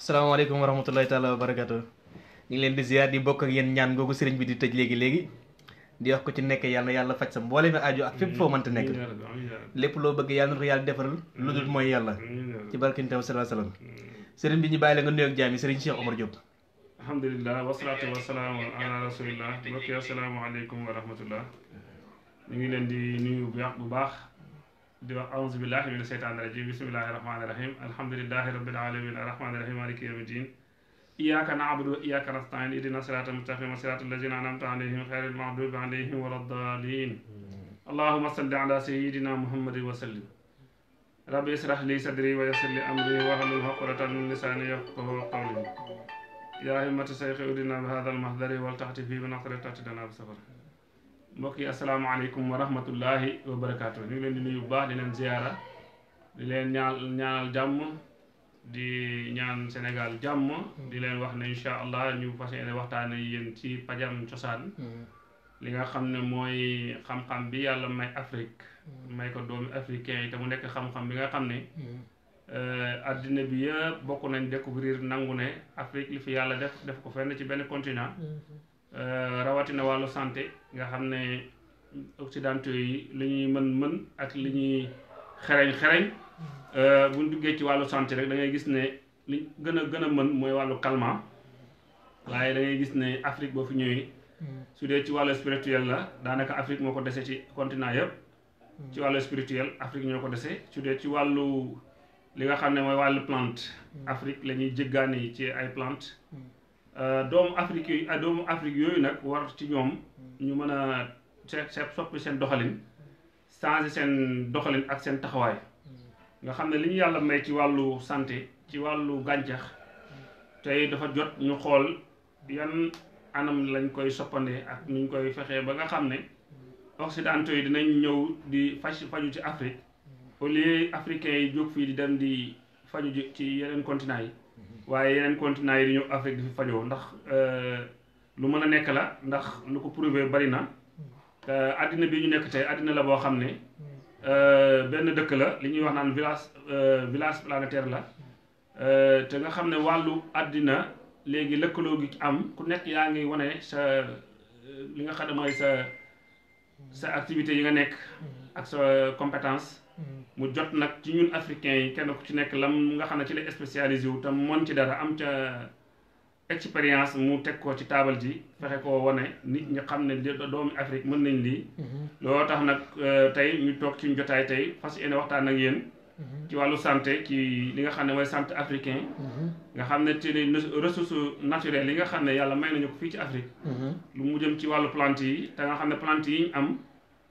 salaamaaleykum wa rahmatullahi taala wa barakaatu ñu ngi leen di ziar di bokk ak yéen ñaan googu sëriñ bi di tëj léegi léegi di wax ko ci nekk yàlla yàlla faj sa mboolem aajo ak fépp foo mënta nekk lépp loo bëgg yàlla na ko yàlla defaral lu dul mooy yàlla ci barkin tam salaa salaam sëriñ bi ñu bàyyi la nga nuyoog jaam yi sëriñ Cheikh Omar Diop alhamdulilah wasalaatu wasalaam ala rasulillah mbokk asalaamaaleykum wa rahmatullah ñu ngi leen di nuyu bu baax bu baax di wax auzu billahi mina sheytaani rajim bismillahi rahmaani rahim alhamdulilahi rabbil alamin arrahmaani rahim maliki yawmi din iyyaka na'budu wa iyyaka nasta'in ihdina siraatal mustaqima siraatal lazina an'amta alayhim ghayril maghdubi alayhim waladdaalin allahumma salli ala sayyidina muhammadin wa sallim rabbi israh li sadri wa yassir li amri wahlul uqdatan min lisani yafqahu qawli yaa himmata shaykhi udina bi hadha almahdari waltahti fi bi naqri tahtidana bi safar mbokk yi asalaamaaleykum wa rahmatullahi wa barakaatu ñu ngi leen di nuyu bu baax di leen ziyaara di leen ñaan ñaanal jàmm di ñaan Sénégal jàmm di leen wax ne incha allah ñu fas yéene waxtaane yéen ci pajam cosaan mm. li nga xam ne mooy xam-xam bi yàlla may Afrique mm. may ko doomi africain yi te nekk xam-xam bi nga xam ne mm. euh, addina bi yëpp bokk nañ découvrir nangu ne Afrique li fi yàlla def def ko fenn ci benn continent mm-hmm. Euh, rawatina wàllu santé nga xam ne occidentaux yi li ñuy mën-mën ak li ñuy xereñ-xereñ euh, buñ duggee ci wàllu santé rek da gis ne li gën a gën a mën mooy wàllu calmant waaye da ngay gis ne Afrique boo fi ñëwee mm. su dee ci wàllu spirituel la daanaka Afrique moo ko dese ci continent yëpp mm. ci wàllu spirituel ñoo ko dese su dee ci wàllu li nga xam ne mooy wàllu plante mm. Afrique lañuy ñuy jéggaani ci ay plante Euh, doomu Afrique yi euh, doomu Afrique yooyu nag war ci ñoom ñu mën a seet seet soppi seen doxalin changer seen doxalin ak seen taxawaay nga xam ne li ñu yàlla may ci wàllu santé ci wàllu gàncax tey dafa jot ñu xool yan anam lañ koy soppandee ak nuñ koy fexee ba nga xam ne occidentaux yi dinañ ñëw di faj faju ci Afrique au lieu africains yi jóg fii di dem di faju ci yeneen continent yi waaye yeneen continent yi di ñëw Afrique di fi fajoo ndax euh, lu mën a nekk la ndax lu ko prouvé bari na te euh, àddina bi ñu nekk tey àddina la boo xam ne euh, benn dëkk la li ñuy wax naan village village planétaire la te nga xam ne wàllu àddina léegi lëkkaloo gi am ku nekk yaa ngi wane sa li nga xam ne mooy sa sa activité yi nga nekk ak sa compétence mu jot nag ci ñun africain yi kenn ku ci nekk lam nga xam ne ci la spécialisé wu tam mën ci dara am ca expérience mu teg ko ci taabal ji fexe koo wane nit ñi xam ne doomi Afrique mën nañ lii mhm. loo tax nag euh, tey ñu toog ci jotaay tey fas yéene waxtaan ak yéen mhm. ci wàllu santé ci li nga xam ne mooy santé africain mhm. nga xam ne ci ressource naturelle yi nga xam ne yàlla may nañu ko fii ci Afrique lu mu ci wàllu plante yi te nga xam ne plante yi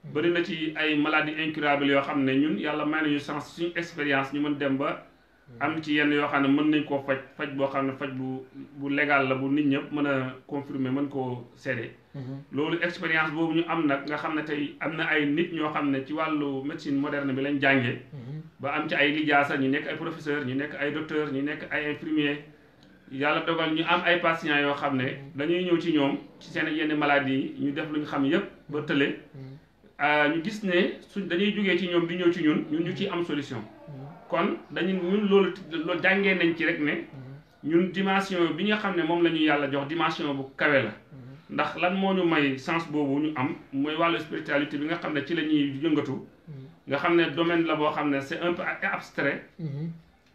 bëri na ci ay maladies incurables yoo xam ne ñun yàlla may nañu sens suñu expérience ñu mën dem ba am ci yenn yoo xam ne mën nañ koo faj faj boo xam ne faj bu bu légal la bu nit ñëpp mën a confirmer mën koo seede mhm. loolu expérience boobu ñu am nag nga xam ne tey am na ay nit ñoo xam ne ci wàllu médecine moderne bi lañ jàngee mhm. ba am ci ay lijaasa ñu nekk ay professeur ñu nekk ay docteur ñu nekk ay infirmier yàlla dogal ñu am ay patients yoo xam ne mhm. dañuy ñëw ci ñoom ci seen yenn maladies yi ñu def lu xam yëpp Euh, ñu gis ne su dañuy jógee ci ñoom bi ñëw ci ñun ñun ñu ciy am solution kon dañu ñun loolu loolu jàngee nañ ci rek ne ñun dimension bi nga xam ne moom la ñu yàlla jox dimension bu kawee la ndax lan moo ñu may sens boobu ñu am mooy wàllu spiritualité bi nga xam ne ci la ñuy yëngatu nga xam ne domaine la boo xam ne c'est un peu abstrait mm-hmm.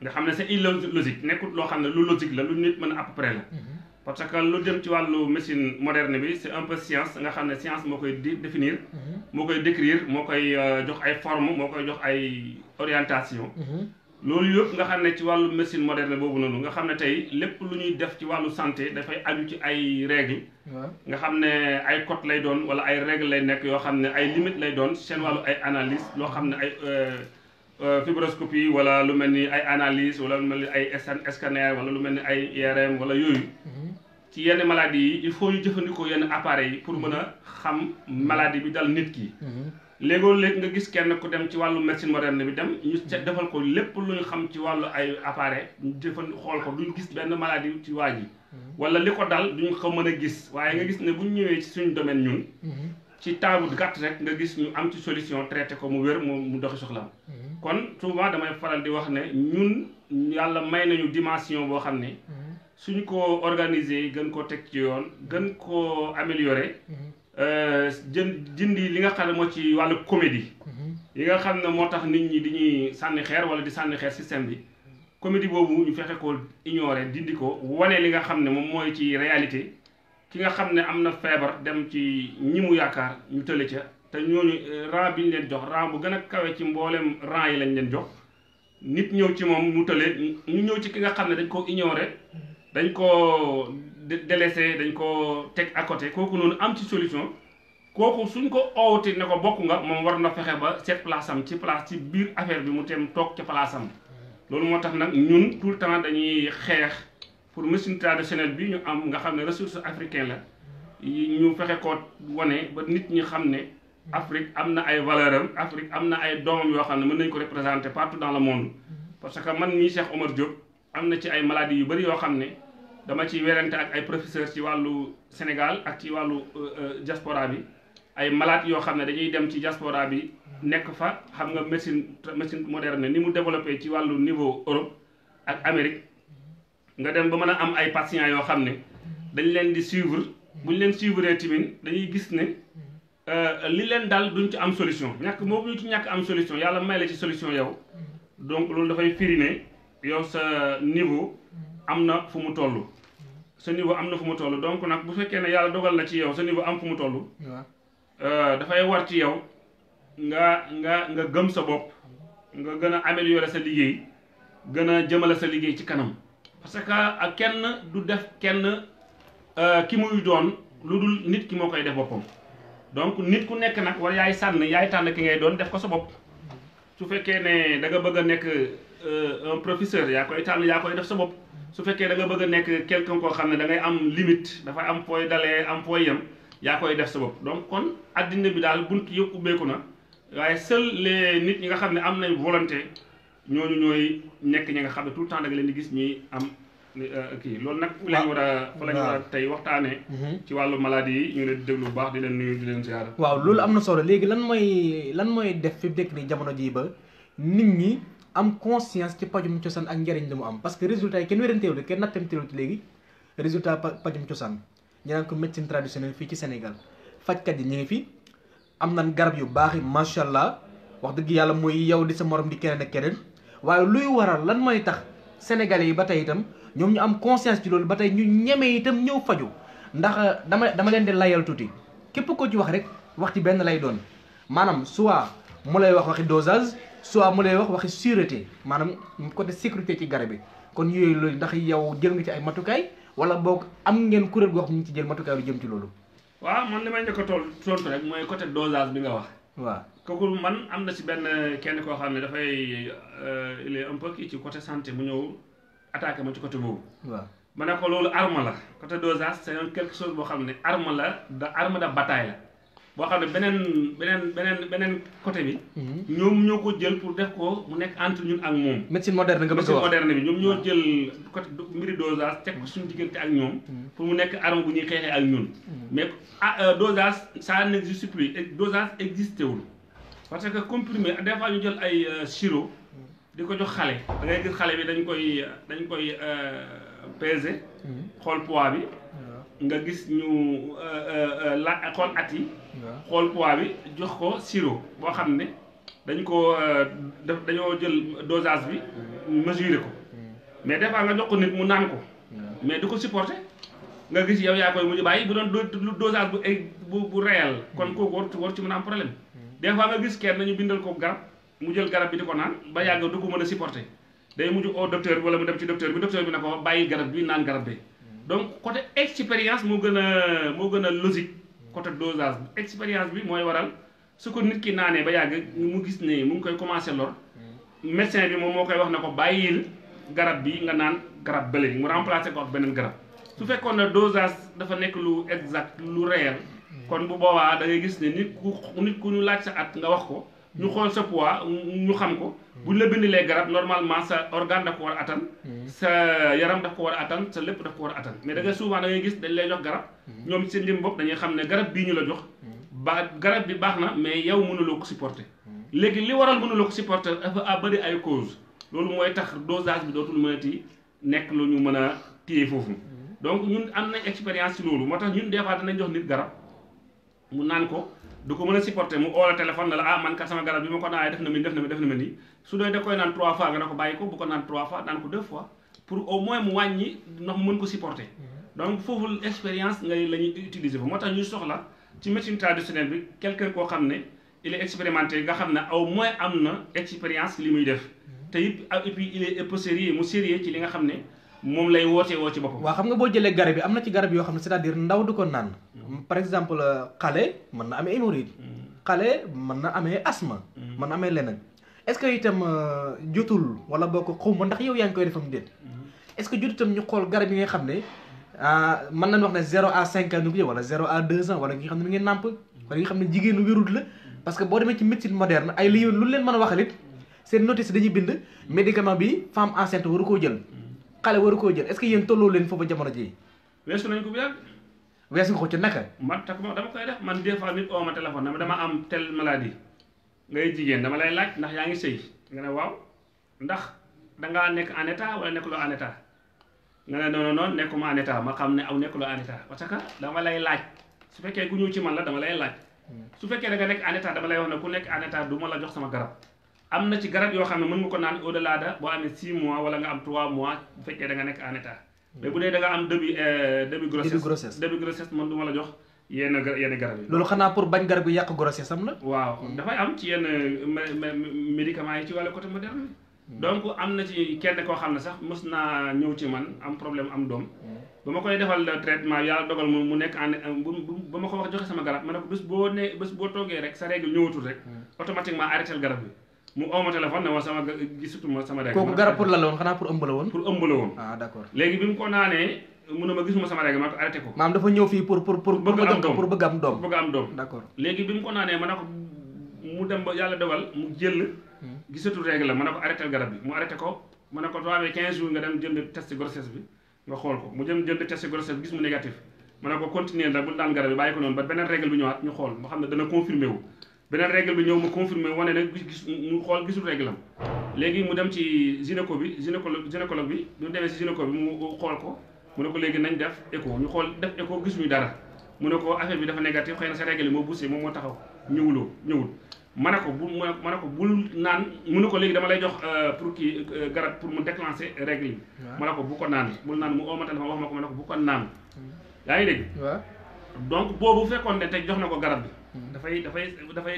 nga xam ne c'est illogique nekkut loo xam ne lu logique la lu nit mën a à peu la mm-hmm. parce que lu dem ci wàllu machine moderne bi c'est un peu science nga xam ne science moo koy di définir. Mhm. moo koy décrire moo koy euh, jox ay forme moo koy jox ay orientation. Mhm. loolu yëpp nga xam ne ci wàllu machine moderne boobu noonu nga xam ne tey lépp lu ñuy def ci wàllu santé dafay aju ci ay règles. nga xam ne ay code lay doon wala ay règles lay nekk yoo xam ne ay limites lay doon seen wàllu ay analyse loo xam ne ay. Euh, euh, fibroscopie wala lu mel ni ay analyse wala lu mel ni ay scanner wala lu mel ni ay IRM wala yooyu. Mhm. ci yenn maladie yi il faut ñu jëfandikoo yenn appareils yi pour mën a xam maladie bi dal nit ki. Mhm. léegoo léeg nga gis kenn ku dem ci wàllu médecine moderne bi dem ñu defal ko lépp lu ñu xam ci wàllu ay appareil ñu jëfan xool ko duñ gis benn maladie ci waa yi mhm. wala li ko dal duñ ko mën a gis waaye nga gis ne bu ñu ñëwee ci suñu domaine ñun mhm. ci temps bu gàtt rek nga gis ñu am ci solution traité ko mu wér mu mu doxi soxlaam kon souvent damay faral di wax boo xam ne suñ ko organiser gën koo teg ci yoon gën koo améliorer mhm. euh, jën jënd jëndi li nga xam ne moo ci wàllu comédie mhm. yi nga xam ne moo tax nit ñi di ñuy sànni xeer wala di sànni xeer système bi comédie boobu ñu fexe ko ignorer dindi ko wane li nga xam ne moom mooy ci réalité ki nga xam ne am na feebar dem ci ñi mu yaakaar ñu tële ca te ñooñu euh, rang bi ñu leen jox rang bu gën a kawe ci mbooleem rang yi lañ leen jox nit ñëw ci moom mu tële ñu ñëw ci ki nga xam ne dañ ko ignorer mhm. dañ koo délaissé dañ koo teg à kooku noonu am ci solution kooku suñ ko oowte ne ko bokk nga moom war na fexe ba seet place ci place ci biir affaire bi mu teem toog ca place loolu moo tax nag ñun tout le temps dañuy xeex pour médecine traditionnelle bi ñu am nga xam ne ressource africaine la ñu fexe ko wane ba nit ñi xam ne Afrique am na ay valeur am Afrique am na ay doomam yoo xam ne mën nañ ko représenté partout dans le monde parce que man mii Cheikh Omar Diop am na ci ay maladies yu bëri yoo xam ne dama ci werante ak ay professeur ci wàllu Sénégal ak ci wàllu euh, euh, diaspora bi ay malaat yoo xam ne dañuy dem ci jaspora bi nekk fa xam nga machine médecine moderne ni mu développé ci wàllu niveau Europe ak Amérique nga dem ba mën a am ay patients yoo xam ne dañ leen di suivre bu ñu leen suivre tamit dañuy gis ne euh, li leen daal duñ ci am solution ñàkk moom ñu ci ñàkk am solution yàlla may la ci solution yow donc loolu dafay firi yow sa niveau am na fu mu toll sa niveau am na fu mu toll donc nag bu fekkee ne yàlla dogal na ci yow sa niveau am fu mu toll. Euh, dafay war ci yow nga nga nga gëm sa bopp nga gën a améliorer sa liggéey gën a jëmale sa liggéey ci kanam. parce que kenn du def kenn euh, ki muy doon lu dul nit ki moo koy def boppam donc nit ku nekk nag war yaay sànn yaay tànn ki ngay doon def ko sa bopp su fekkee ne da nga bëgg a nekk euh, un professeur yaa koy tànn yaa koy def sa bopp. su fekkee da nga bëgg a nekk quelqu'un koo xam ne da am limite dafay am fooy dalee am fooy yem yaa koy def sa bopp donc kon addina bi daal bunt yëpp ubbeeku na waaye seuls les nit ñi nga xam ne am nañ volonté ñooñu ñooy nekk ñi nga xam ne tout le temps da nga leen di gis ñuy am euh, kii loolu nag fu ah, lañ war a fu lañ war a tey waxtaanee mhm. ci wàllu maladie yi ñu leen di déglu bu baax di leen nuyu di leen ziara waaw loolu am na solo léegi lan mooy lan mooy def fi mu nekk jamono jii ba nit ñi am conscience ci pajum cosaan ak njëriñ li mu am parce que résultat yi kenn wéranteewul kenn nattamteewul léegi résultat pajum cosaan ñu naan ko médecine traditionnelle fii ci Sénégal fajkat yi ñu ngi fi am nan garab yu baax yi macha allah wax dëgg yàlla mooy yow di sa moroom di keneen ak keneen waaye luy waral lan mooy tax sénégalais yi ba tey itam ñoom ñu am conscience ci loolu ba tey ñu ñeme itam ñëw faju ndax euh, dama dama leen di layal tuuti képp ko ci wax rek wax ci benn lay doon maanaam soit dosage. soit mu lay wax waxi sûreté maanaam côté sécurité ci garab bi kon yooyu loolu ndax yow jël nga ci ay matukaay wala boog am ngeen kuréel goo xam ñu ci jël matukaay lu jëm ci loolu. waaw man li may njëkk a toll tontu mooy côté dosage bi nga wax. waaw kooku man am na ci benn kenn koo xam ne dafay euh, il est un peu ci côté santé mu ñëw attaqué ma ci côté boobu. waaw ma ne ko loolu arme la côté dosage c'est quelque chose boo xam ne arme la da arme de bataille boo xam ne beneen beneen beneen beneen côté bi. Mhm. ñoom ñoo ko jël pour def ko mu nekk entre ñun ak moom. médecine moderne nga bëgg a wax moderne bi ñoom ñoo ah. jël côté mbiri dosage teg ko suñu diggante ak ñoom. Mhm. pour mu nekk arme bu ñuy xeexee ak ñun. Mhm. mais ah euh, dosage ça n'existe plus dosage existé wul parce que comprimé des fois ñu jël ay euh, sirop di ko jox xale. da gis xale bi dañ koy dañ koy euh, peser. xool poids bi. nga gis ñu euh, euh, euh, la xool at xool poids bi jox ko sirop boo xam ne dañ ko def dañoo jël dosage bi hmm. mesurer ko. Hmm. mais des fois nga jox ko nit mu naan ko. Hmm. mais du ko supporter. nga gis yow yaa koy mujj bàyyi bu doon dosage bu ay bu bu réel kon kooku war war ci mën a am problème. des nga gis kenn nañu bindal ko garab mu jël garab bi di ko naan ba yàgg du ko mën a supporter day mujj au docteur wala mu dem ci docteur bi docteur bi na ko bàyyi garab bi naan garab bi. donc côté expérience moo gën a moo gën a logique côté dosage expérience bi mooy waral su ko nit ki naanee ba yàgg mu gis ne mu ngi koy commencé lor médecin bi moom moo koy wax na ko bàyyil garab bi nga naan garab bële mu remplacé ko ak beneen garab su fekkoon ne dosage dafa nekk lu exact lu réel kon bu boobaa da gis ne nit ku nit ku nu laaj sa at nga wax ko ñu xool sa pois ñu xam ko bu ñu la bindilee garab normalement sa organe daf ko war a mm-hmm. sa yaram daf ko war a attan sa lépp daf ko war a attan mais da ngay souvent da gis dañ lay jox garab mm-hmm. ñoom seen jëm bopp dañuy xam ne garab bii ñu la jox mm-hmm. ba garab bi baax na mais yow mënuloo ko supporter léegi li waral mënuloo ko supporter dafa a bëri ay cause loolu mooy tax dosage bi dootul mënati nekk lu ñu mën a téye foofu donc ñun am na expérience ci moo tax ñun des danañ jox nit garab mu naan ko du ko mën a supporter mu oo la téléphone ne la ah man kat sama garab bi ma ko naanee def na mi def na mi def na mi nii su dee da koy naan trois fois nga ne ko bàyyi ko bu ko naan trois fois naan ko deux fois pour au moins mu wàññi ndax mu mën ko supporter mhm. donc foofu expérience ngay la utiliser fa moo tax ñu soxla ci médecine traditionnelle bi quelqu'un koo xam ne il est expérimenté nga xam ne au moins am na expérience li muy def mhm. te it et puis il est ci li nga xam ne. moom lay wootee woo ci boppam. waa xam nga boo jëlee garab yi am na ci garab yoo xam ne c'est-à-dire ndaw du ko naan. par exemple xale mën na amee hémorroïde. xale mën na amee asthme. mën na amee leneen. est-ce que itam euh, jotul wala boo ko xawma ndax yow yaa ngi koy defam déet. est-ce que jot ñu xool garab yi nga xam ne ah, mën nañu wax ne zéro à cinq wala zéro à deux ans wala nga xam ne mi ngi xam ne jigéenu wérut la. parce que boo demee ci médecine moderne ay li yoon lu leen mën a waxal it seen notice dañuy bind médicament bi femme enceinte waru koo jël. xale waru koo jël est-ce que yéen tolloo leen foofu jamono ji weesu nañ ko bu yàgg weesu nga ko ci naka man tak ma dama koy def man des fois nit oo ma téléphone dama dama am tel maladie ngay jigéen dama lay laaj ndax yaa ngi sëy nga ne waaw ndax dangaa nekk en état wala nekkuloo en état nga ne non non nekkuma en état ma xam ne aw nekkuloo en état parce que dama lay laaj su fekkee ku ñëw ci man la dama lay laaj hmm. su fekkee da nga nekk en dama lay wax ne ku nekk en état ma la jox sama garab am na ci garab yoo xam ne mën nga ko naan au laa de boo amee 6 mois wala nga am 3 mois bu fekkee da nga nekk en état mm. mais bu dee da am début euh, début grossesse début grossesse man du ma la jox yenn yenn garab yi. loolu xanaa pour bañ garab yi yàq grossesse am na. waaw dafay am ci yenn médicament yi ci wàllu côté moderne. Mm. donc am na ci kenn koo xam ne sax mos naa ñëw ci man am problème am doom. Mm. ba ma koy defal traitement yaa dogal mu mu nekk en bu ba ma ko wax joxe sama garab ma ne ko bés boo nee bés boo toogee rek sa règle ñëwatul rek. automatiquement arrêté garab bi. mu ooma téléphone ne ma sama gisutuma sama. règle kooku garab pour lan xanaa pour ëmb la woon. pour ëmb la woon. ah d'accord léegi bi mu ko naanee mu ne ma gisuma sama règle ma ko ko. maam fii pour pour pour. bëgg am doom pour bëgg am doom. ko naanee ma ne ko mu mu jël. Hmm. gisatul règle la ma ne ko arrêté garab bi mu arrêté ko ma ne ko soo amee 15 jours nga dem jënd test grossesse bi nga xool ko mu jëm jënd test grossesse gis mu négatif ma ne ko continuer la bul daan garab bi bàyyi ko noonu ba beneen règle bi ñëwaat ñu xool mu xam ne dana confirmé wu beneen règle bi ñëw mu confirmé wane ne gis mu xool gisul règle am léegi mu dem ci gynéco bi gynécologue gynécologue bi mu demee si gynéco bi mu xool ko mu ne ko léegi nañ def écho ñu xool def écho gisuñu dara mu ne ko affaire bi dafa négatif xëy na sa règle yi moo poussé moom moo taxaw ñëwuloo ñëwul ma ne ko bu ma ne ko bul naan mu ne ko léegi dama lay jox euh, pour kii euh, garab pour mu déclencher règle yi ma ne ko bu ko naan bul naan mu oo ma téléphone wax ma ko ma ne ko bu ko naan mm. yaa ngi dégg donc boobu fekkoon ne tey jox na ko garab bi dafay hmm. dafay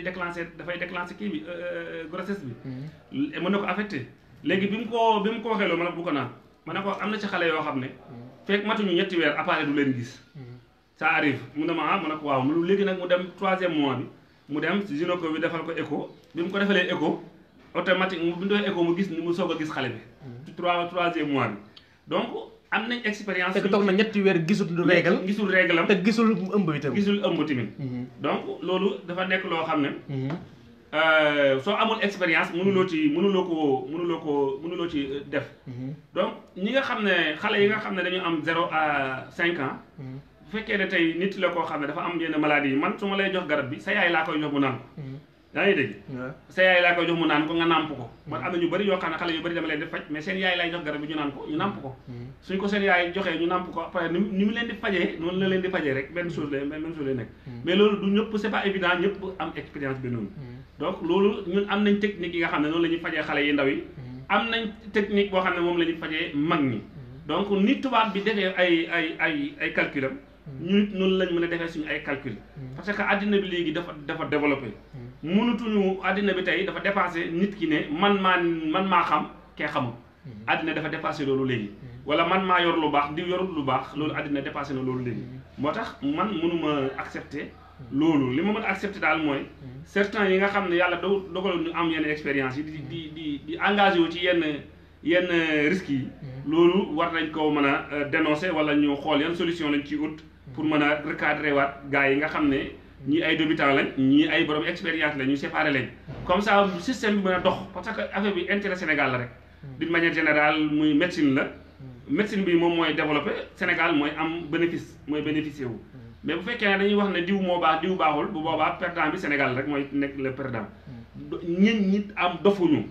dafay dafay déclencher kii bi euh, euh, euh, grossesse bi. Hmm. mën na ko affecté léegi bi mu ko bi mu ko waxee loolu man bu ko naan ma ne ko am na si xale yoo xam ne. Hmm. fekk ñu ñetti weer appareil du leen gis. ça arrive mu ne ma ah ma ne ko waaw mu léegi nag mu dem troisième mois bi mu dem gynéco bi defal ko écho bi mu ko defalee écho automatique bi mu defee écho mu gis mu soog a gis xale bi. ci trois troisième mois bi am nañ expérience. fekk toog na ñetti weer gisul lu régal gisul régalam te gisul ëmb bi tamit. gisul ëmb tamit. Mhm. donc loolu dafa nekk loo xam ne. Mhm. Euh, soo amul expérience mënuloo mhm. ci mënuloo ko mënuloo ko mënuloo ci euh, def. donc ñi nga xam ne xale yi nga xam ne dañu am zéro à cinq ans. bu fekkee ne tey nit la koo xam ne dafa am yenn maladie yi man su ma lay jox garab bi sa yaay laa koy jox mu naan ko. yaa ngi dégg sa yaay laa koy jox mu naan ko nga nàmp ko man am na ñu bari yoo xam ne xale yu bari dama leen di faj mais seen yaay laay jox garab bi ñu naan ko ñu nàmp ko mm-hmm. suñ ko seen yaay joxee ñu nàmp ko après ni mu leen di fajee noonu la leen di fajee rek benn chose la même chose lay nekk mm-hmm. mais loolu du ñëpp c'est pas évident ñëpp am expérience bi noonu mm-hmm. donc loolu ñun am nañ technique yi nga xam ne noonu la ñuy fajee xale yi ndaw yi am nañ technique boo xam ne moom la ñuy fajee mag ñi ni tubaab bi defee ay ay ay ay calculam ñu it noonu lañ mën a defee suñu ay calcul. Mm. parce que àddina bi léegi dafa dafa développé. Mm. mënatuñu àddina bi tey dafa dépassé nit ki ne man maa man maa xam kee xamul. àddina mm. dafa dépassé loolu léegi. wala man maa yor lu baax di yorul lu baax loolu àddina dépassé na loolu léegi. moo tax man mënuma accepter. loolu li ma mën a daal mooy. certains yi nga xam ne yàlla do dogaloon ñu am yenn expérience yi di di di di engagé wu ci yenn yenn risques yi. loolu war nañ koo mën a euh, dénoncer wala ñu xool yan solution lañ ciy ut. pour mën a recadrer waat gars yi nga xam ne ñii ay débutant lañ ñii ay borom expérience lañ ñu séparé lañ comme ça système bi mën a dox parce que affaire bi intérêt Sénégal la rek hmm. d'une manière général muy médecine la hmm. médecine bi moom mooy développé Sénégal mooy am bénéfice mooy bénéficié wu hmm. mais bu fekkee ne dañuy wax ne diw moo baax diw baaxul bu boobaa perdant bi Sénégal rek mooy nekk le perdant ñit ñi am dofuñu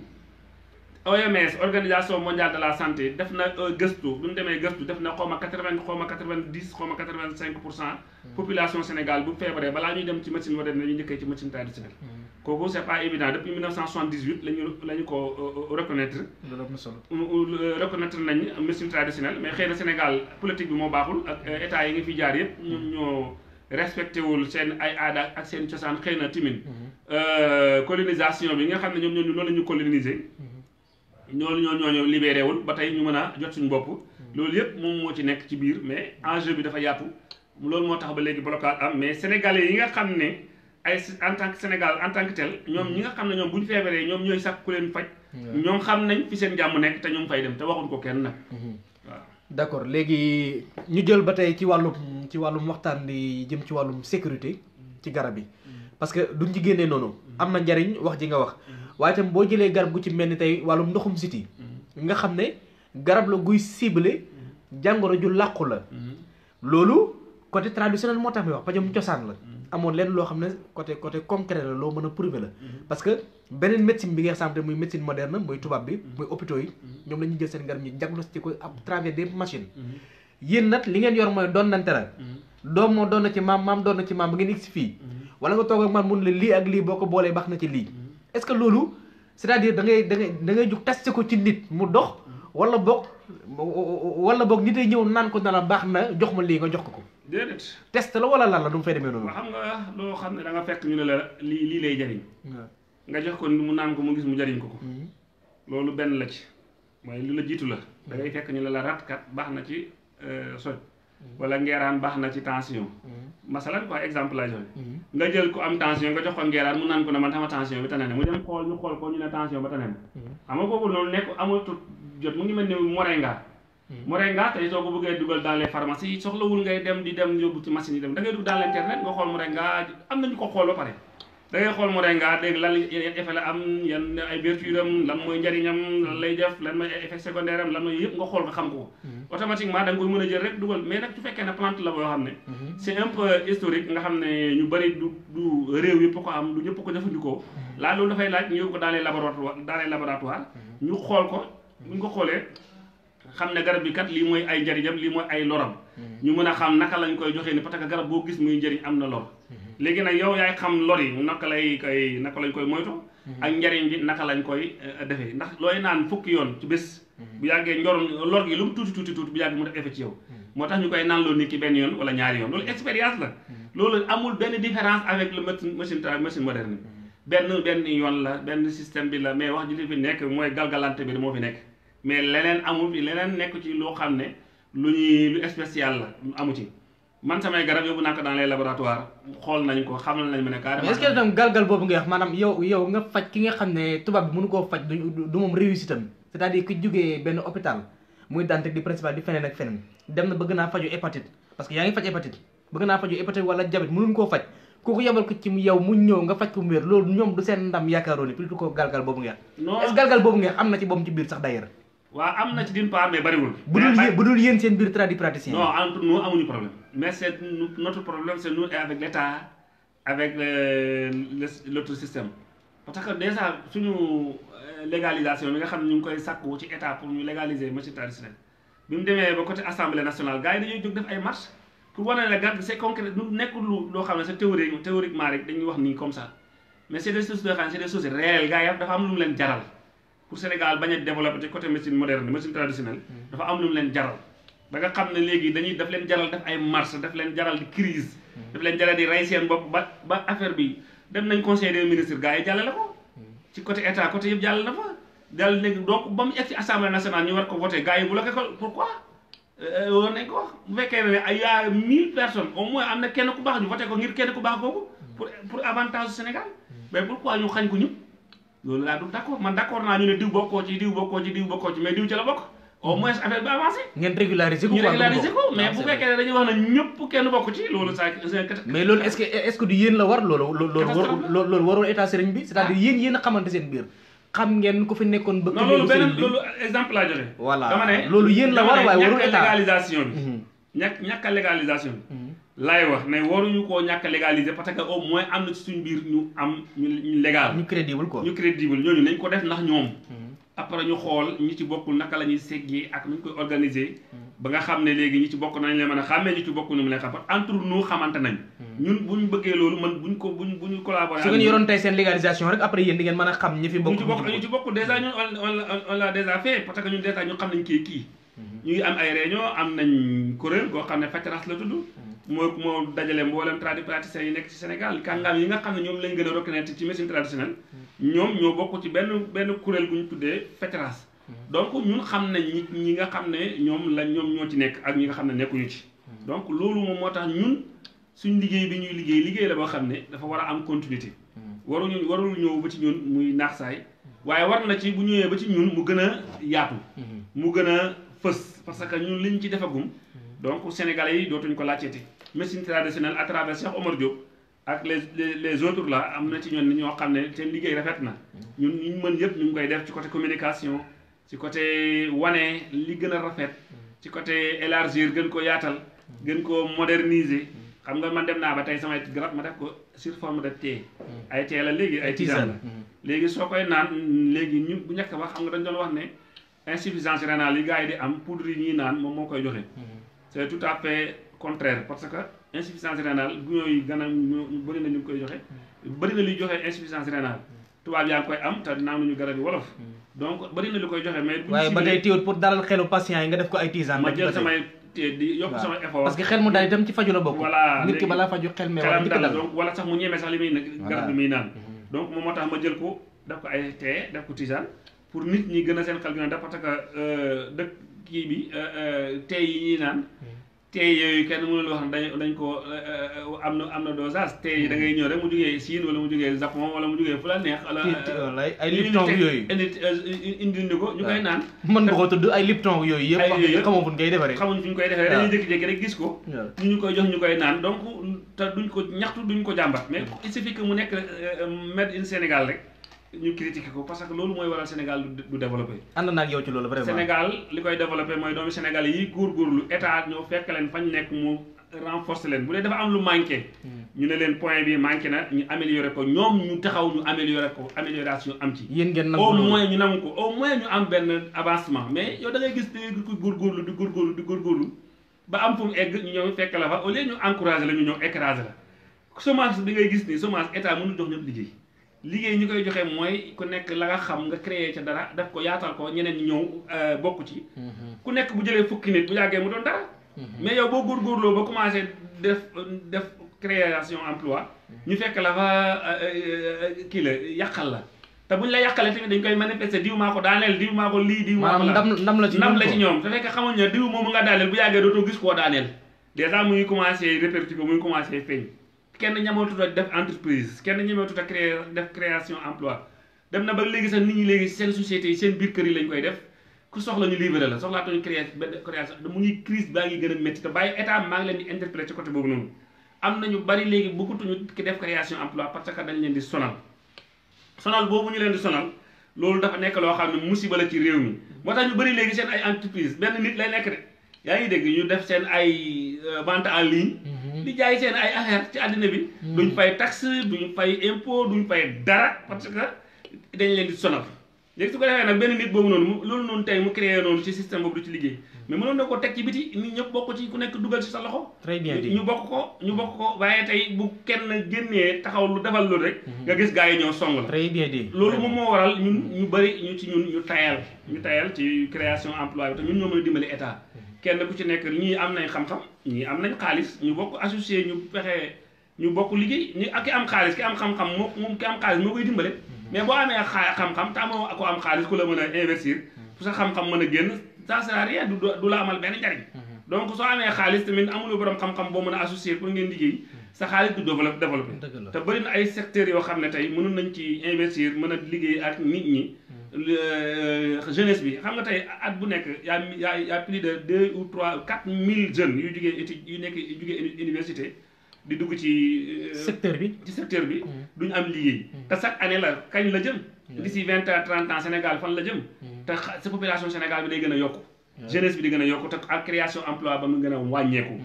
OMS organisation mondiale de la santé def na euh, gëstu bu ñu demee gëstu def na xaw ma quatre-vingt xaw ma quatre-vingt-dix xaw ma quatre-vingt-cinq pour cent hmm. population Sénégal bu feebaree balaa ñuy dem ci médecine moderne la ñu njëkkee ci médecine traditionnelle hmm. kooku c'est pas évident depuis lañu ko euh, euh, reconnaître nañ médecine traditionnelle mais xëy na Sénégal politique bi moo baaxul ak état yi nga fi jaar yëpp ñoom hmm. ñoo respecté wul seen ay aada ak seen cosaan xëy na timin colonisation bi nga xam ne ñoom ñooñu loolu la ñu coloniser ñoo ñoo ñëw libéré woon ba tey ñu mën a jot suñu bopp hmm. loolu yëpp moom moo ci nekk ci biir mais enjeu bi dafa yaatu loolu moo tax ba léegi blocage am mais sénégalais yi nga xam ne ay en tant Sénégal en tant que ñoom ñi nga xam ne ñoom bu ñu feebaree ñoom ñooy sàkk ku leen faj hmm. ñoom xam nañ fi seen jàmm nekk te ñoom fay dem te waxuñ ko kenn nag hmm. waaw d'accord léegi ñu jël ba tey ci wàllum ci wàllum waxtaan di jëm ci wàllum sécurité ci garab yi parce que duñ ci génnee noonu am na njariñ wax ji nga wax waaye itam boo jëlee garab gu ci mel ni tey wàllum ndoxum siti mm-hmm. nga xam ne garab la guy ciblé mm-hmm. jàngoro ju làqu la mm-hmm. loolu côté traditionnel moo tax may wax pajum cosaan la amoon leen loo xam ne côté côté concret la loo mën a prouver la parce que beneen médecine bi nga xam ne muy médecine moderne muy tubaab bi muy hôpitaux yi ñoom la ñuy jël seen garab ñu diagnostiqué ko à travers des machines yéen nag li ngeen yor mooy doon nante la doom moo doon na ci maam maam doon ci maam ba ngeen egsi fii wala nga toog ak man mun lii ak lii boo ko boolee baax na ci lii est-ce que loolu c'est-à-dire da ngay da ngay da ngay ko ci nit mu dox wala boog wala boog nit ay ñëw naan ko dana baax na jox ma lii nga jox ko ko. déedéet test la wala lan la du mu fay demee noonu. xam nga loo xam ne da nga fekk ñu ne la lii lii lay jariñ. nga jox ko mu naan ko mu gis mu jariñ ko ko. Mm-hmm. loolu benn la ci waaye lu la jiitu la. Mm-hmm. da ngay fekk ñu ne la ratkat baax na ci euh, soj. Mhm. wala ngeeraan baax na ci tension. Mhm. masalan quoi exemple laa joxe. Mhm. nga jël ko am tension nga jox ko ngeeraan mu naan ko ne man sama tension bi tane na mu dem xool ñu xool ko ñu ne tension ba tane na. xam nga kooku noonu nekk amatul jot mu ngi mel ni moringa. moringa tey soo ko bëggee dugal dans les pharmacies soxlawul ngay dem di dem yóbbu ci machine yi dem da ngay dugg dans l' internet nga xool moringa am na ñu ko xool ba pare. da xool moringa dégg lan effet la am yan ay vertus lan mooy njariñam lan lay def lan mooy effet secondaire am lan mooy yëpp nga xool nga xam ko mm-hmm. automatiquement da nga koy mën a jël rek dugal mais nag su fekkee ne plante la boo xam ne mm-hmm. c'est un peu historique nga xam ne ñu bari du du réew yëpp ko am du ñëpp ko jëfandikoo mm-hmm. laa loolu dafay laaj ñu ko dans les laboratoires dans ñu xool ko buñ ko xoolee xam ne garab bi kat lii mooy ay njariñam lii mooy ay loram ñu mën a xam naka lañ koy joxee ni parce que garab boo gis muy njëriñ am na lor léegi nag yow yaay xam lor yi naka lay koy naka lañ koy moytu mhm. ak njariñ bi naka lañ koy eh, defee ndax looy naan fukki yoon ci bés mhm. bu yàggee njorom lor gi lu mu tuuti tuuti tuuti bu yàgg mu def effet ci yow mhm. moo tax ñu koy naan loolu nit ki benn yoon wala ñaari yoon loolu expérience la loolu amul benn différence avec le machine machine moderne benn benn yoon la benn système bi la mais wax ji li fi nekk mooy galgalante bi moo fi nekk mais leneen amul fi leneen nekk ci loo xam ne lu ñuy lu spécial la amu ci man samay garab yóbbu naa ko dans xool nañ ko xamal nañ ma ne carrément. mais est-ce que tam boobu nga wax maanaam yow yow nga faj ki nga xam ne tubaab bi mënu koo faj du du moom réussite am c'est-à-dire ki jógee benn hôpital muy Dantec feneen dem na bëgg naa faju hépatite parce que yaa ngi faj hépatite bëgg naa faju hépatite wala diabète mënuñ koo faj kooku yebal ko ci yow mu ñëw nga faj ko mu wér loolu ñoom du seen ndam yaakaaroon ni plutôt ko galgal boobu boobu nga wax am na ci boobu ci biir sax d'ailleurs waaw am na ci d'une part mais bariwul. bu dul yéen seen biir tradipraticien non entre nous amuñu problème. mais c' est notre problème c' est avec l' état avec euh, le l' autre système. parce que déjà suñu euh, légalisation bi nga xam ne ñu ngi koy sàkku ci état pour ñu légaliser marché traditionnel bi mu demee ba côté assemblée nationale gars yi dañuy jóg def ay marche pour wane la garde c' concret du nekkul loo xam ne c' est théorique théoriquement rek dañuy wax nii comme ça mais c' est des am lu leen jaral. pour Sénégal bañ a ci côté médecine moderne médecine traditionnelle dafa am lu leen jaral ba nga xam ne léegi dañuy daf leen jaral def ay marche daf leen jaral di crise daf leen jaral di rey seen bopp ba ba affaire bi dem nañ conseil des ministres gars yi jàllale ko ci côté état côté yëpp jàll na fa jàll léegi donc ba mu egg ci assemblée nationale ñu war ko voté gars yi bloqué ko pourquoi euh, euh, war nañ ko wax bu fekkee ne ay yaa mille personnes au moins am na kenn ku baax ñu voté ko ngir kenn ku baax kooku pour pour avantage Sénégal mais pourquoi ñu xañ ko ñëpp loolu laa dul d' accord man d' accord naa ñu ne diw bokkoo ci diw bokkoo ci diw bokkoo ci mais diw ci la bokk au hmm. moins affaire bi avancé. ngeen régulariser ko mais bu fekkee ne wax ne ñëpp kenn bokk ci loolu saa mais loolu war loolu loolu bi ah. c' est à dire yéen yéen a xamante seen biir xam ngeen ku fi nekkoon bëgg loolu beneen loolu exemple laa joxe voilà loolu yéen la war waaye warul état légalisation bi hmm. ñàkk ñàkk a légalisation lay wax ne waruñu koo ñàkk légaliser parce que au moins am na ci suñ biir ñu am ñu ñu légal. ñu crédible quoi ñu crédible ñooñu nañ ko def ndax ñoom. Hmm. après ñu xool ñi ci bokkul naka la ñuy seggee ak ñu koy organiser. Hmm. ba xam ne léegi ñi ci bokk nañ leen a xàmmee ci bokkul ñu mu leen xam entre nous xamante nañ. Hmm. ñun bu ñu bëggee loolu man bu ñu ko bu ñu ñu collaborer. su ngeen yoroon tey seen légalisation rek après yéen di ngeen mën a xam ñi fi bokk. ñu ci bokk ñu ci bokk dèjà on on l'a déjà nañ kii kii. goo xam ne Fatick la moo moo dajale mboolem tradipraticiens yi nekk ci Sénégal kàngaam yi nga xam ne ñoom lañ gën a reconnaître ci médecine traditionnelle mm. ñoom ñoo bokk ci benn benn kuréel gu ñu tuddee FETRAS mm. donc ñun xam nañ ñi ñi nga xam ne ñoom lañ ñoom ñoo ci nekk ak ñi nga xam ne nekkuñu ci mm. donc loolu moom moo tax ñun suñ liggéey bi ñuy liggéey liggéey la boo xam ne dafa war a am continuité waruñu warul ñëw ba ci ñun muy naax saay waaye war na ci bu ñëwee ba ci ñun mu gën a yaatu mm-hmm. mu gën a fës parce que ñun liñ ci defagum donc sénégalais yi dootuñ ko laajteeti médecine traditionnelle à travers Cheikh Omar Diop ak les les autres là am na ci ñoom ñoo xam ne seen liggéey rafet na ñun ñu mën yëpp ñu ngi koy def ci côté communication ci côté wane li gën a rafet ci côté élargir gën ko yaatal gën ko moderniser xam nga man dem naa ba tey samay garab ma def ko sur forme de thé ay thé la léegi ay tisane la léegi soo koy naan léegi ñu bu njëkk ba xam nga dañ doon wax ne insuffisance rénale yi gars yi di am poudre yi ñuy naan moom moo koy joxe mm-hmm. contraire parce que insuffisance rénale gunóor yi ganaar ñu bëri na ñu koy joxe bëri na luy joxe insuffisance rénale tubaab yaa ngi koy am te naan nañu garab yi wolof donc bëri na koy joxe mais waaye ba tey téewut pour dalal xelu patient yi nga def ko ay tisane ma jël samay di yokk sama parce que xel mu dal itam ci faju la bokk voilà nit ki balaa faju xel meewalam dal donc wala sax mu ñemee sax li muy garab bi muy naan mhm. donc moom moo tax ma jël ko def ko ay tee def ko pour nit ñi gën a seen xel gën a def parce que euh, dëkk kii bi euh, euh, tee yi tey yooyu kenn mënul wax dañ dañ ko eh, eh, eh, am na am na dosage tey hmm. da ngay ñëw rek mu jugee Chine wala mu jugee Japon wala mu jugee fu la neex. wala ay Lipton yooyu indi indi ko ñu koy ah. naan. mën nga ko tudd ay Lipton yooyu yëpp. ay yooyu xamuñ fu ñu koy defaree. xamuñ fu ñu koy defaree ah. dañuy jékki-jékki rek gis ko. ñu ah. ñu koy jox ñu koy naan donc te duñ ko ñaxtu duñ ko jàmbat. mais hmm. il suffit que mu nekk made in Sénégal rek. ñu critiqué ko parce que loolu mooy a Sénégal du développé. ànd naa ak yow ci loolu vraiment Sénégal li koy développé mooy doomi Sénégal yi góorgóorlu état ñoo fekk leen fañ nekk mu renforcer leen bu dee dafa am lu manqué. Hmm. ñu ne leen point bi manqué na ñu amélioré ko ñoom ñu taxaw ñu amélioré ko amélioration am ci. yéen ngeen nangu au moins ñu nangu ko au moins ñu am benn avancement mais yow da ngay gis da ngay góorgóorlu di góorgóorlu di góorgóorlu ba am fu mu egg ñu ñëw fekk la fa au lieu ñu encouragé la ñu ñëw écrasé la bi ngay gis ni semence état mënul jox ñëpp liggéey liggéey ñu koy joxe mooy ku nekk la nga xam nga créé ca dara daf ko yaatal ko ñeneen ñi ñëw euh, bokk ci. Mm-hmm. ku nekk bu jëlee fukki nit bu yàggee mu doon dara. Mm-hmm. mais yow boo góorgóorloo ba commencé def def création emploi mm-hmm. ñu fekk la fa euh, euh, kii la yàqal la. te buñ la yàqalee tamit dañ koy manifester diw maa ko daaneel diw ko lii diw ko la ndam la ndam la ci ñoom te fekk xamuñ la diw moomu nga daaneel bu yàggee dootoo gis koo daaneel dèjà mu ngi commencé répercuté mu commencé feeñ. kenn ñamootu a def entreprise kenn ñamootu a créer def création emploi dem na ba léegi sax nit ñi léegi seen société yi seen biir kër yi lañ koy def ku soxla ñu libéré la soxlaatuñu créer benn création mu ngi crise baa ngi gën a métti te bàyyi état maa ngi leen di interpellé ci côté boobu noonu am nañu bari léegi bëggatuñu ki def création emploi parce que dañ leen di sonal sonal boobu ñu leen di sonal loolu dafa nekk loo xam ne musiba la ci réew mi moo tax ñu bëri léegi seen ay entreprise benn nit lay nekk de yaa ngi dégg ñu def seen ay euh, vente en ligne di jaay seen ay affaire ci àddina bi. Hmm. duñ fay taxe duñ fay impôt duñ fay dara parce que dañ leen di sonal. léegi su ko defee nag benn nit boobu noonu mu loolu tey mu créé noonu ci système boobu du hmm. na ko teg ci biti nit ñëpp bokk ci ku nekk dugal ci sa loxo. ñu bokk ko ñu bokk ko waaye tey bu kenn génnee taxaw lu defal loolu rek. Hmm. nga gis gars yi ñoo song la. très bien loolu moom moo waral ñun ñu bëri ñu ci ñun ñu tayal. ñu tayal ci création emploi bi te ñun ñoo mën a dimbali état. kenn ku ci nekk ñii am nañ xam-xam ñii am nañ xaalis ñu bokk associé ñu fexe ñu bokk liggéey ñu ak ki am xaalis ki am xam-xam moo moom ki am xaalis moo koy dimbale mm-hmm. mais boo amee xa xam-xam te amoo ko am xaalis ku la mën a mm-hmm. xam-xam mën a génn ça sert à rien du la amal mm-hmm. tamit amuloo borom xam-xam boo mën a associé pour ngeen liggéey sa xaalis du développé développé te bëri na ay secteurs yoo xam ne tey mënoon nañ ci investir mën a liggéey ak nit ñi hmm. euh, jeunesse bi xam nga tey at bu nekk yaa yaa yaa plus de deux ou trois quatre mille jeunes yu jugee étude yu nekk jugee université di dugg ci euh, secteur bi ci secteur bi hmm. duñ am liggéey hmm. te chaque année la kañ la jëm si vingt à trente ans Sénégal fan la jëm te sa population Sénégal bi day gën a yokk jeunesse bi di gën a yokk te ak création emploi mu gën wàññeeku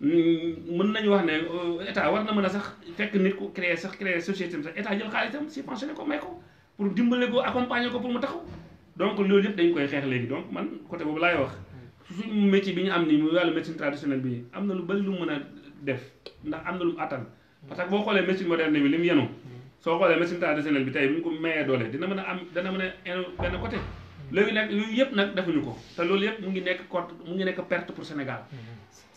mën nañu wax ne euh, état war na mën a sax fekk nit ku créer sax créer société sax état jël xaalisam subventionné ko may ko pour dimbale ko accompagner ko pour mu taxaw donc loolu yëpp dañ koy xeex léegi donc man côté boobu wax suñu métier bi ñu am nii mu wàllu médecine traditionnelle bi am na lu bëri lu mu mën a def ndax am na attan parce que boo xoolee médecine moderne bi li mu yenu soo xoolee médecine traditionnelle bi tey bu ñu ko mayee doole dina mën a am dana mën a enu benn côté léegi nag yëpp nag defuñu ko te loolu yëpp mu ngi nekk cote mu ngi nekk perte pour Sénégal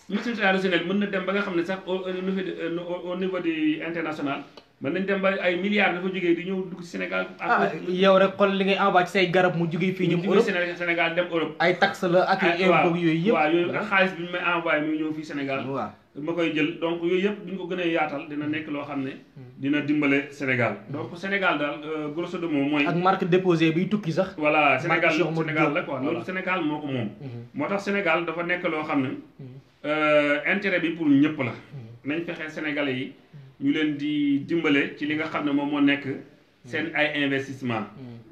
multinationales traditionnel mën na dem ba nga xam ne sax o euh, niveau du international mën nañ dem ba ay milliards dafa jógee di ñëw dugg Sénégal. ah yow rek xool li ngay envoyé ci say garab mu jógee fii ñëw Europe Sénégal dem Europe. ay taxes la ak ah, ay impôts yooyu yëpp. waaw yooyu ak ah. xaalis bi ñu may envoyé muy ñëw fii Sénégal. waaw ma koy jël donc yooyu yëpp bu ñu ko gënee yaatal dina nekk loo xam ne. Hmm. dina dimbale Sénégal. Hmm. donc Sénégal daal euh, grosso de moom mooy. ak marque déposé biy tukki sax. voilà Sénégal Sénégal la quoi loolu Sénégal moo ko moom. Hmm. moo tax Sénégal dafa nekk loo xam ne. Euh, intérêt bi pour ñëpp la nañ fexe sénégalais yi ñu leen di dimbale ci li nga xam ne moom moo nekk seen ay investissement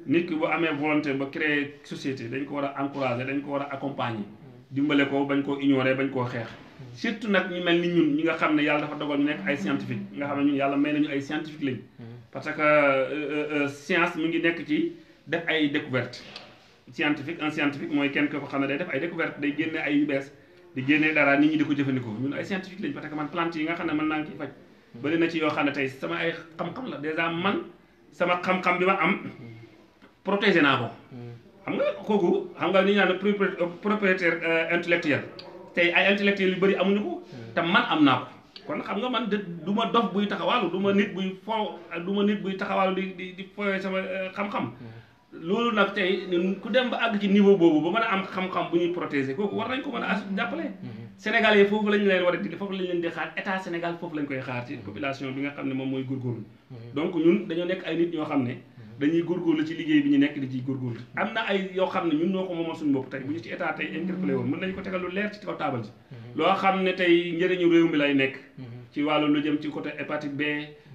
nit ki bu amee volonté ba créer société dañ ko war a encourager dañ ko war a accompagner dimbale ko bañ koo ignorer bañ koo xeex surtout nag ñu mel ni ñun ñi nga xam ne yàlla dafa dogal ñu nekk ay scientifique nga xam ne ñun yàlla may nañu ay scientifique lañ parce que euh, euh, science mu ngi nekk ci def ay découverte scientifique un scientifique mooy kenn ko xam ne day def ay découverte day génne ay bees di génnee dara nit ñi di ko jëfandikoo ñun ay scientifique lañ parce que man plante yi nga xam ne mën naa ngi ciy faj bari na ci yoo xam ne tey sama ay xam-xam man sama xam-xam am protégé naa ko xam nga kooku xam nga ni ñu naan propriétaire euh, intellectuel tey ay intellectuel yu bëri amuñu ko te man am naa ko kon xam nga man du ma dof buy taxawaalu du ma nit buy fo du ma nit buy taxawaalu di di di foyee sama euh, xam-xam loolu nag tey ku dem ba àgg ci niveau boobu ba mën a am xam-xam bu ñuy protéger kooku war nañ ko mën a as jàppale. Mm-hmm. Sénégalais foofu lañ leen war a di foofu lañ leen di xaar état Sénégal foofu lañ koy xaar ci mm-hmm. population bi nga xam ne moom mooy góorgóorlu. Mm-hmm. donc ñun dañoo nekk ay nit ñoo xam ne. dañuy góorgóorlu ci liggéey bi ñu nekk di ciy góorgóorlu. am na ay yoo xam ne ñun ñoo ko moomal suñu bopp tey bu ñu ci état tey interpellé woon mën nañu ko tegal lu leer ci kaw taabal ji. mi lay nekk. ci wàllu B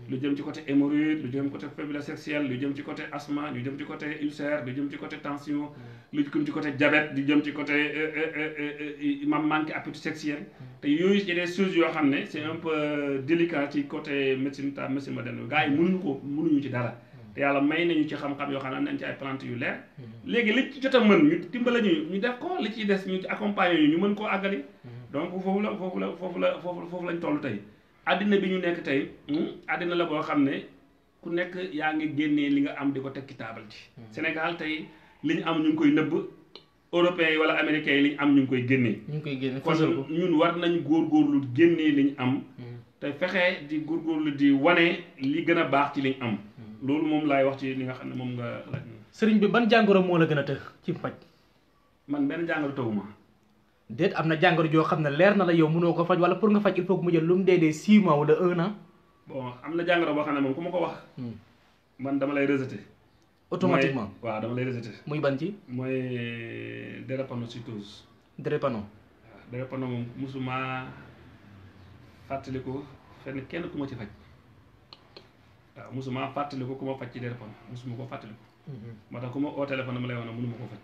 lu jëm ci côté hémorroïde lu jëm côté faible sexuelle lu jëm ci côté asthme lu jëm ci côté ulcère lu jëm ci côté tension lu jëm ci côté diabète lu jëm ci côté euh, euh, euh, ma manque appétit sexuel te yooyu c'est des choses yoo xam ne c'est un peu délicat ci côté médecine ta médecine moderne gars yi mënuñu ko mënuñu ci dara te yàlla may nañu ci xam-xam yoo xam ne nañ ci ay plante yu leer léegi li ci jot a mën ñu dimbale ñu def ko li ciy des ñu accompagner ñu ñu mën koo àggali mm-hmm. donc foofu la foofu la foofu la foofu foofu lañ toll tey àddina bi ñu nekk tey hmm? àddina la boo xam ne ku nekk yaa ngi génnee li nga am di ko teg ci taabal ji hmm. Sénégal tey li ñu am ñu ngi koy nëbb européens yi wala américains yi li ñu am ñu ngi koy génnee ñu koy génne kon ñun war nañ góorgóorlu génnee li ñu am hmm. te fexe di góorgóorlu di wane li gën a baax ci li ñu am loolu moom laay wax ci li nga xam ne moom nga laaj sëriñ bi ban jàngoro moo la gën a tëx ci faj man benn jàngoro tawuma déet am na jàngoro joo xam ne leer na la yow mënoo ko faj wala pour nga faj il faut que mu jël lu mu bon am na jàngoro boo xam ne moom ku ma ko wax. Hmm. man dama lay rejeté. automatiquement waaw dama lay rejeté. muy ban ci. mooy euh, drépanocytose. drépano. waaw drépano moom mosuma fàttaliku fenn kenn ku ma ci faj waaw mosuma fàttaliku ku ma faj ci drépano mosuma ko fàttaliku. Hmm, hmm. moo tax ku ma oo téléphone dama lay wax ne mënuma ko faj.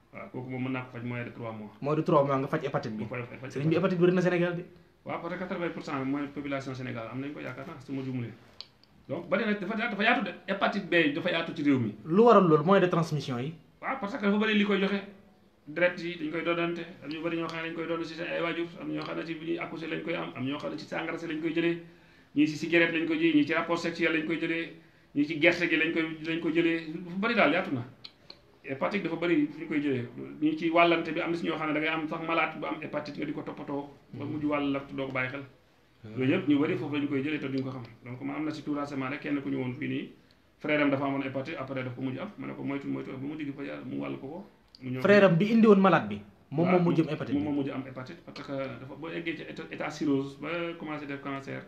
waaw kooku moom mën naa ko faj moyen de 3 mois. moyen de 3 mois nga faj hépatite bi. sëriñ bi hépatite bi bëri Sénégal de. waaw parce que 80 pour cent mooy de B dafa transmission yi. waaw parce que dafa bëri li koy joxe deret yi dañ koy doonante am ñu bëri ñoo xam ne dañ koy doon ci seen ay am ñoo xam ne ci sàngara si lañ koy jëlee ñii ci cigarette lañ koy jëlee ñii ci rapport sexuel lañ koy jëlee ñii ci gerte gi lañ koy lañ koy jëlee dafa bëri hépatite dafa bëri fi ñu koy jëlee ñu ci wàllante bi am na si ñoo xam ne da am sax malaat bu am hépatite nga di ko toppatoo ba mujj wàll la te doo ko bàyyi xel ah. yooyu yëpp ñu bëri foofu la koy jëlee te duñ ko xam donc ma am na si tout récemment rek kenn ku ñu fii nii frère dafa amoon hépatite après daf ko mujj am ma ne ko moytu moytu mujj am bi indi woon malaat bi moom moom mujj am hépatite moom moom mujj am hépatite dafa boo eggee ci état cirrhose ba commencé def cancer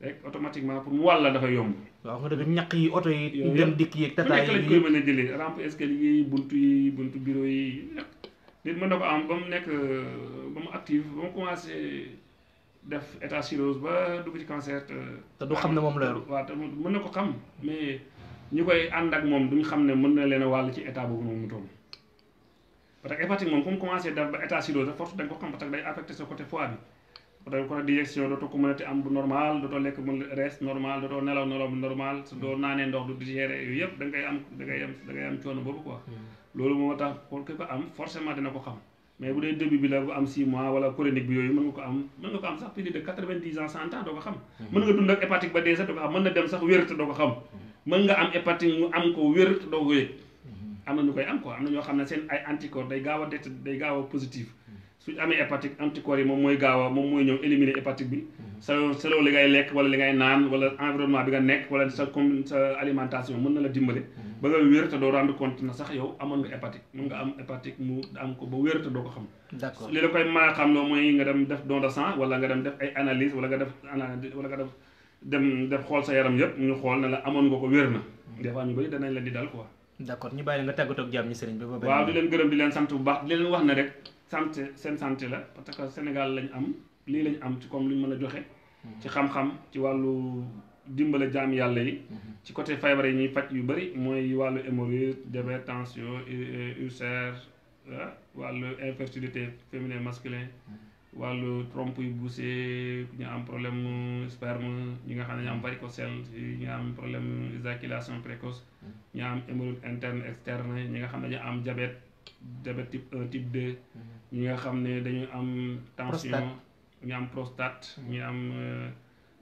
rek automatiquement pour mu wàll dafa yomb. waaw wax dëgg ñaq yi oto yi. dem dikk yeeg nekk lañ koy mën a jëlee rampe escalier yi bunt yi buntu bureau yi nit mën na ko am ba mu nekk euh, ba mu active ba mu commencé def état cirrhose ba dugg ci cancer. te du xam ne moom la yor. waaw te mën na ko xam mais ñi koy ànd ak moom duñ xam ne mën na leen wàll ci état boobu moom mu toll. parce que hépatique moom comme commencé def ba état cirrhose force da nga ko xam parce que day affecté bi. danga ko digestion dootoo ko mënati am bu normal dootoo lekk mu rees normal dootoo nelaw nelaw bu normal su doo naanee ndox du digéré yooyu yëpp da ngay am da ngay am da ngay am coono boobu quoi hmm. loolu moo tax pour que ko am forcément ko xam mais bu dee début bi la bu am 6 mois wala chronique bi yooyu mën nga ko am mën nga ko am sax plus de 90 ans 100 ans doo ko xam hmm. mën nga dund ak hépatique ba dee sax doo ko xam mën na dem xam hmm. nga am hépatique mu am ko wér doo ko am na ñu koy am quoi am na ñoo xam ne seen ay anticorps day gaaw a det day gaaw suñ amee hépatique anticorps moom mooy gaaw a moom mooy ñëw éliminer hépatique bi mhm. sa selon li ngay lekk wala li ngay naan wala environnement bi nga nekk wala sa comme sa alimentation mën na la dimbale mhm. ba nga wér te doo rendre compte na sax yow amoon nga hépatique mën nga am hépatique mu am ko ba wér te doo ko xam d'accord li la koy mën a mooy nga dem def don de sang nga dem def ay analyse wala nga def analyse wala nga def dem def xool sa yaram yëpp ñu xool ne la amoon nga ko na mhm. des fois ñu bëri danañ la di dal quoi la nga tàggatoo ak jàmm ñi sëriñ bi waaw di leen gërëm di leen sant bu baax santé seen santé la parce que Sénégal lañ am lii lañ am ci comme luñ mën a joxe. Mhm. ci xam-xam ci wàllu dimbale jaam yàlla yi. Mhm. ci côté feebar yi ñuy faj yu bëri mooy wàllu hémorroïde diabète tension ulcère ah, wàllu infertilité féminin masculin. Mhm. wàllu trompe yu poussé ñu am problème sperme ñi nga xam ne ñu am varicocèle ñi nga am problème éjaculation précoce ñu am hémorroïde interne externe ñi nga xam ne ñu am diabète diabète type 1 ñi nga xam ne dañu am tension ñu am prostate mm. ñu am euh,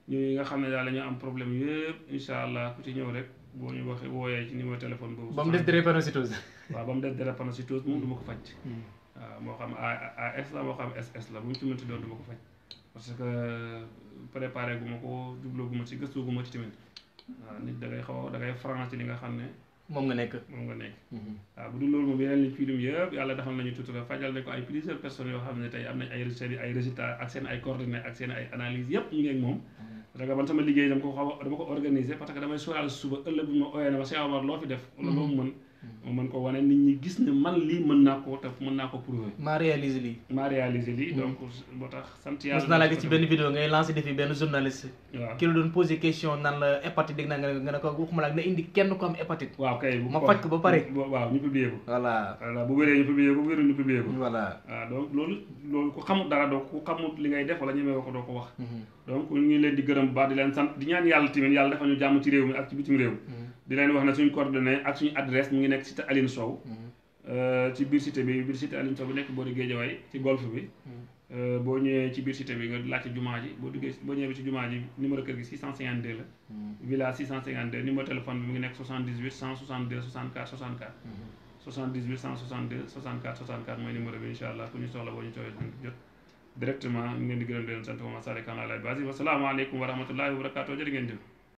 ñooñu nga xam ne daal ñu am problème yëpp incha allah ku ci ñëw rek boo ñu waxee wooyee ci numéro téléphone boobu ba mu des drépanocytose waaw ba mu des drépanocytose moom du ma ko faj mm. waaw moo xam AS la moo xam SS la bu mu ci doon du ko faj parce que euh, préparé gu ma ko jubloo gu ma ci gëstoo gu ma ci tamit nit da ngay xaw da ngay faral ci li nga xam ne moom nga nekk moom nga nekk mhm. waaw bu dul loolu moom yeneen liñ fiy dem yëpp yàlla defal nañu tutura fajal nañ ko ay plusieurs personnes yoo xam ne tey am nañ ay résultats ay résultats ak seen ay coordonnées ak seen ay analyses yëpp ñu ngi ak moom mhm. parce que man sama liggéey dama ko xaw dama ko organiser parce que damay sóoraal suba ëllëg bu ma ooyee ne ma Cheikh Omar loo fi def wala loo mhm. mën ma mën ko wane nit ñi gis ne man lii mën naa ko te mën naa ko prouver. maa réalisé lii. maa réalisé lii mm. donc moo tax sant a mos naa la gis la doon posé question naan la hépatite dégg naa nga ne nga ne ko waxuma la na indi kenn ko am hépatite. waaw ba ko. doo li ngay def wala ñemee ko doo ko wax. Mm-hmm. donc ñu ngi leen di gërëm bu di leen sant di ñaan yàlla tamit yàlla dafa ñu jàmm ci réew mi ak ci bitim réew mm-hmm. di leen wax na suñ coordonnées ak suñu adresse mu ngi nekk cité Aline Sow mm-hmm. euh, ci biir cité bi biir cité Aline Sow bi nekk boori Géejawaay ci golf bi mm-hmm. euh, boo ñëwee ci biir cité bi nga laajte jumaa ji boo duggee boo ñëwee ci jumaa ji numéro kër gi 652 la mm-hmm. villa 652 numéro téléphone bi mu ngi nekk 78 162 64 64 78 162 64 64 mooy numéro bi incha ngi leen di gërëm di leen sant Momar Sarr Kane Laye Basi wasalaamaaleykum wa rahmatullahi wa barakatuh jërë ngeen